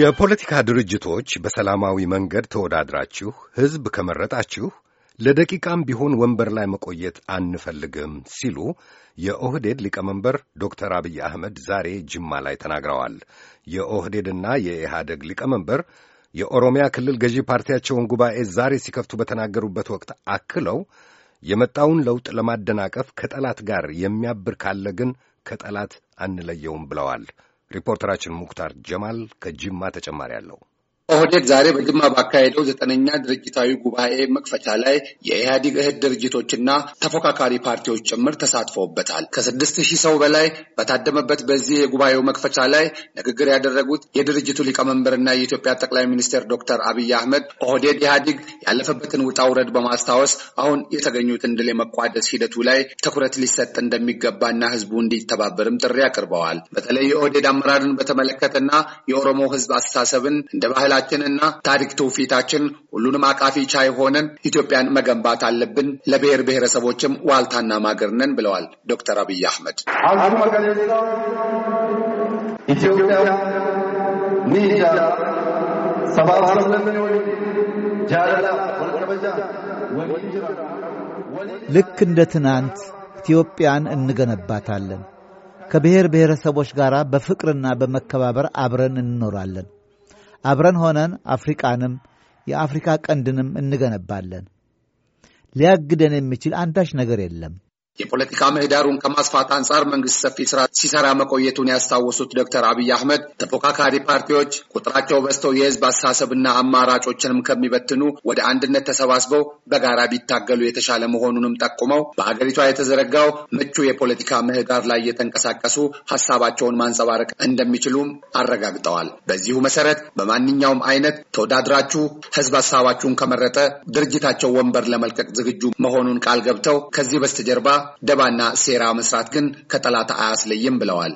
የፖለቲካ ድርጅቶች በሰላማዊ መንገድ ተወዳድራችሁ ሕዝብ ከመረጣችሁ ለደቂቃም ቢሆን ወንበር ላይ መቆየት አንፈልግም ሲሉ የኦህዴድ ሊቀመንበር ዶክተር አብይ አህመድ ዛሬ ጅማ ላይ ተናግረዋል። የኦህዴድና የኢህአደግ ሊቀመንበር የኦሮሚያ ክልል ገዢ ፓርቲያቸውን ጉባኤ ዛሬ ሲከፍቱ በተናገሩበት ወቅት አክለው የመጣውን ለውጥ ለማደናቀፍ ከጠላት ጋር የሚያብር ካለ ግን ከጠላት አንለየውም ብለዋል። ሪፖርተራችን ሙክታር ጀማል ከጅማ ተጨማሪ አለው። ኦህዴድ ዛሬ በጅማ ባካሄደው ዘጠነኛ ድርጅታዊ ጉባኤ መክፈቻ ላይ የኢህአዲግ እህት ድርጅቶችና ተፎካካሪ ፓርቲዎች ጭምር ተሳትፎበታል። ከስድስት ሺህ ሰው በላይ በታደመበት በዚህ የጉባኤው መክፈቻ ላይ ንግግር ያደረጉት የድርጅቱ ሊቀመንበርና የኢትዮጵያ ጠቅላይ ሚኒስትር ዶክተር አብይ አህመድ ኦህዴድ ኢህአዲግ ያለፈበትን ውጣ ውረድ በማስታወስ አሁን የተገኙትን ድል የመቋደስ ሂደቱ ላይ ትኩረት ሊሰጥ እንደሚገባና ህዝቡ እንዲተባበርም ጥሪ አቅርበዋል። በተለይ የኦህዴድ አመራርን በተመለከተና የኦሮሞ ህዝብ አስተሳሰብን እንደ ባህል እሴቶቻችንና ታሪክ ትውፊታችን ሁሉንም አቃፊ ቻይ ሆነን ኢትዮጵያን መገንባት አለብን። ለብሔር ብሔረሰቦችም ዋልታና ማገር ነን ብለዋል ዶክተር አብይ አህመድ። ልክ እንደ ትናንት ኢትዮጵያን እንገነባታለን። ከብሔር ብሔረሰቦች ጋር በፍቅርና በመከባበር አብረን እንኖራለን። አብረን ሆነን አፍሪቃንም የአፍሪካ ቀንድንም እንገነባለን። ሊያግደን የሚችል አንዳች ነገር የለም። የፖለቲካ ምህዳሩን ከማስፋት አንጻር መንግስት ሰፊ ስራ ሲሰራ መቆየቱን ያስታወሱት ዶክተር አብይ አህመድ ተፎካካሪ ፓርቲዎች ቁጥራቸው በዝተው የህዝብ አስተሳሰብና አማራጮችንም ከሚበትኑ ወደ አንድነት ተሰባስበው በጋራ ቢታገሉ የተሻለ መሆኑንም ጠቁመው በሀገሪቷ የተዘረጋው ምቹ የፖለቲካ ምህዳር ላይ የተንቀሳቀሱ ሀሳባቸውን ማንጸባረቅ እንደሚችሉም አረጋግጠዋል። በዚሁ መሰረት በማንኛውም አይነት ተወዳድራችሁ ህዝብ ሀሳባችሁን ከመረጠ ድርጅታቸው ወንበር ለመልቀቅ ዝግጁ መሆኑን ቃል ገብተው ከዚህ በስተጀርባ ደባና ሴራ መስራት ግን ከጠላት አያስለይም ብለዋል።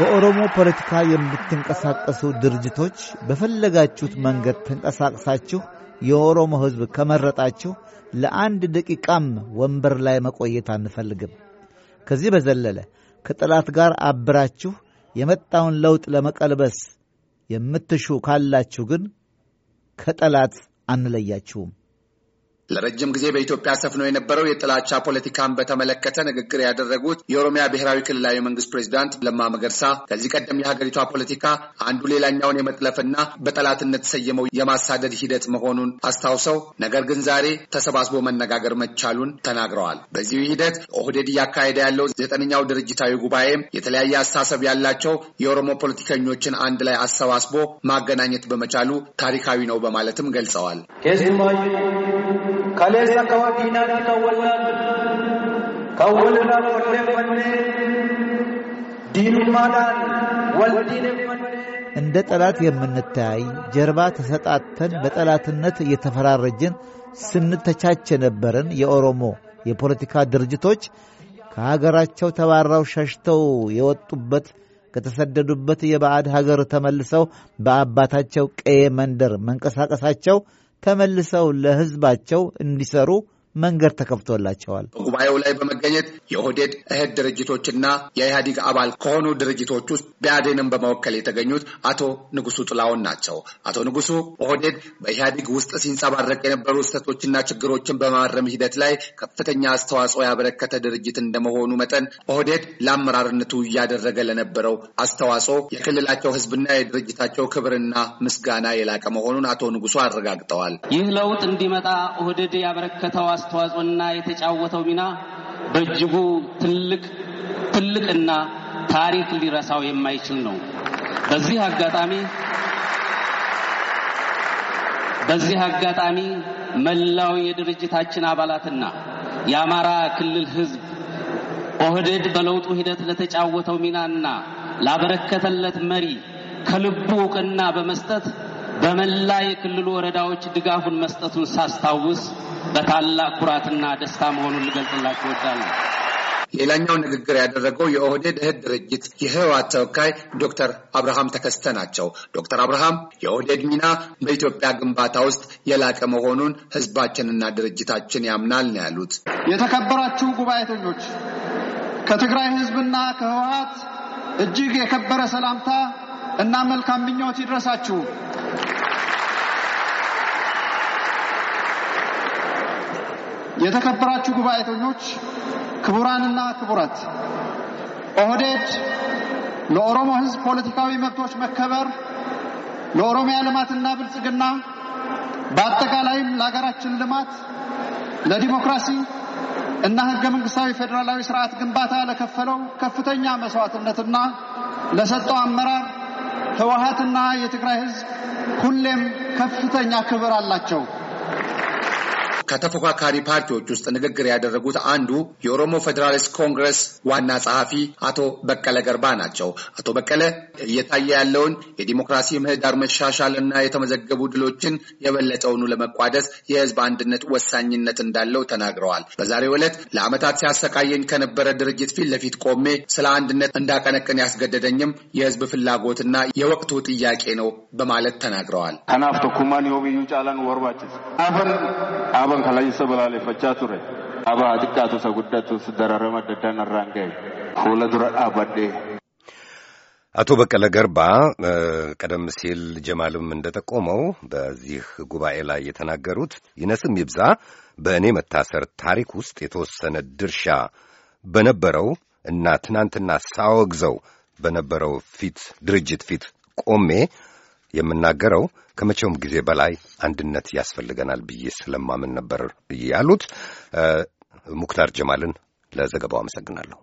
በኦሮሞ ፖለቲካ የምትንቀሳቀሱ ድርጅቶች በፈለጋችሁት መንገድ ተንቀሳቅሳችሁ የኦሮሞ ሕዝብ ከመረጣችሁ ለአንድ ደቂቃም ወንበር ላይ መቆየት አንፈልግም። ከዚህ በዘለለ ከጠላት ጋር አብራችሁ የመጣውን ለውጥ ለመቀልበስ የምትሹ ካላችሁ ግን ከጠላት አንለያችሁም። ለረጅም ጊዜ በኢትዮጵያ ሰፍኖ የነበረው የጥላቻ ፖለቲካን በተመለከተ ንግግር ያደረጉት የኦሮሚያ ብሔራዊ ክልላዊ መንግስት ፕሬዚዳንት ለማ መገርሳ ከዚህ ቀደም የሀገሪቷ ፖለቲካ አንዱ ሌላኛውን የመጥለፍና በጠላትነት ሰየመው የማሳደድ ሂደት መሆኑን አስታውሰው ነገር ግን ዛሬ ተሰባስቦ መነጋገር መቻሉን ተናግረዋል። በዚሁ ሂደት ኦህዴድ እያካሄደ ያለው ዘጠነኛው ድርጅታዊ ጉባኤም የተለያየ አስተሳሰብ ያላቸው የኦሮሞ ፖለቲከኞችን አንድ ላይ አሰባስቦ ማገናኘት በመቻሉ ታሪካዊ ነው በማለትም ገልጸዋል። kaleessa kawa diinaatti kaawwannaan kaawwannaan walleeffannee diinummaadhaan wal diineffannee እንደ ጠላት የምንታይ ጀርባ ተሰጣተን በጠላትነት እየተፈራረጅን ስንተቻቸ ነበርን። የኦሮሞ የፖለቲካ ድርጅቶች ከሀገራቸው ተባራው ሸሽተው የወጡበት ከተሰደዱበት የባዕድ ሀገር ተመልሰው በአባታቸው ቀዬ መንደር መንቀሳቀሳቸው ተመልሰው ለሕዝባቸው እንዲሰሩ መንገድ ተከፍቶላቸዋል። በጉባኤው ላይ በመገኘት የኦህዴድ እህት ድርጅቶችና የኢህአዲግ አባል ከሆኑ ድርጅቶች ውስጥ ብአዴንን በመወከል የተገኙት አቶ ንጉሱ ጥላውን ናቸው። አቶ ንጉሱ ኦህዴድ በኢህአዲግ ውስጥ ሲንጸባረቅ የነበሩ ስህተቶችና ችግሮችን በማረም ሂደት ላይ ከፍተኛ አስተዋጽኦ ያበረከተ ድርጅት እንደመሆኑ መጠን ኦህዴድ ለአመራርነቱ እያደረገ ለነበረው አስተዋጽኦ የክልላቸው ህዝብና የድርጅታቸው ክብርና ምስጋና የላቀ መሆኑን አቶ ንጉሱ አረጋግጠዋል። ይህ ለውጥ እንዲመጣ ኦህዴድ ያበረከተው አስተዋጽኦና የተጫወተው ሚና በእጅጉ ትልቅ ትልቅና ታሪክ ሊረሳው የማይችል ነው። በዚህ አጋጣሚ በዚህ አጋጣሚ መላው የድርጅታችን አባላትና የአማራ ክልል ሕዝብ ኦህዴድ በለውጡ ሂደት ለተጫወተው ሚናና ላበረከተለት መሪ ከልቡ እውቅና በመስጠት በመላ የክልሉ ወረዳዎች ድጋፉን መስጠቱን ሳስታውስ በታላቅ ኩራትና ደስታ መሆኑን ልገልጽላቸው እወዳለሁ። ሌላኛው ንግግር ያደረገው የኦህዴድ እህት ድርጅት የህወሓት ተወካይ ዶክተር አብርሃም ተከስተ ናቸው። ዶክተር አብርሃም የኦህዴድ ሚና በኢትዮጵያ ግንባታ ውስጥ የላቀ መሆኑን ህዝባችንና ድርጅታችን ያምናል ነው ያሉት። የተከበራችሁ ጉባኤተኞች፣ ከትግራይ ህዝብና ከህወሓት እጅግ የከበረ ሰላምታ እና መልካም ምኞት ይድረሳችሁ። የተከበራችሁ ጉባኤተኞች፣ ክቡራንና ክቡራት ኦህዴድ ለኦሮሞ ሕዝብ ፖለቲካዊ መብቶች መከበር፣ ለኦሮሚያ ልማትና ብልጽግና፣ በአጠቃላይም ለሀገራችን ልማት፣ ለዲሞክራሲ እና ህገ መንግስታዊ ፌዴራላዊ ስርዓት ግንባታ ለከፈለው ከፍተኛ መስዋዕትነትና ለሰጠው አመራር ህወሀትና የትግራይ ህዝብ ሁሌም ከፍተኛ ክብር አላቸው። ከተፎካካሪ ፓርቲዎች ውስጥ ንግግር ያደረጉት አንዱ የኦሮሞ ፌዴራሊስት ኮንግረስ ዋና ጸሐፊ አቶ በቀለ ገርባ ናቸው። አቶ በቀለ እየታየ ያለውን የዲሞክራሲ ምህዳር መሻሻል እና የተመዘገቡ ድሎችን የበለጠውኑ ለመቋደስ የህዝብ አንድነት ወሳኝነት እንዳለው ተናግረዋል። በዛሬው ዕለት ለዓመታት ሲያሰቃየኝ ከነበረ ድርጅት ፊት ለፊት ቆሜ ስለ አንድነት እንዳቀነቅን ያስገደደኝም የህዝብ ፍላጎትና የወቅቱ ጥያቄ ነው በማለት ተናግረዋል። ከናፍ ተኩማን ሆብዩ ጫላን ወርባችስ Lafa kana balaaleffachaa ture. Abaa xiqqaatus guddatus dararama daddaan irraan ga'e. Fuula dura አቶ በቀለ ገርባ ቀደም ሲል ጀማልም እንደጠቆመው በዚህ ጉባኤ ላይ የተናገሩት ይነስም ይብዛ በእኔ መታሰር ታሪክ ውስጥ የተወሰነ ድርሻ በነበረው እና ትናንትና ሳወግዘው በነበረው ፊት ድርጅት ፊት ቆሜ የምናገረው ከመቼውም ጊዜ በላይ አንድነት ያስፈልገናል ብዬ ስለማምን ነበር ያሉት። ሙክታር ጀማልን ለዘገባው አመሰግናለሁ።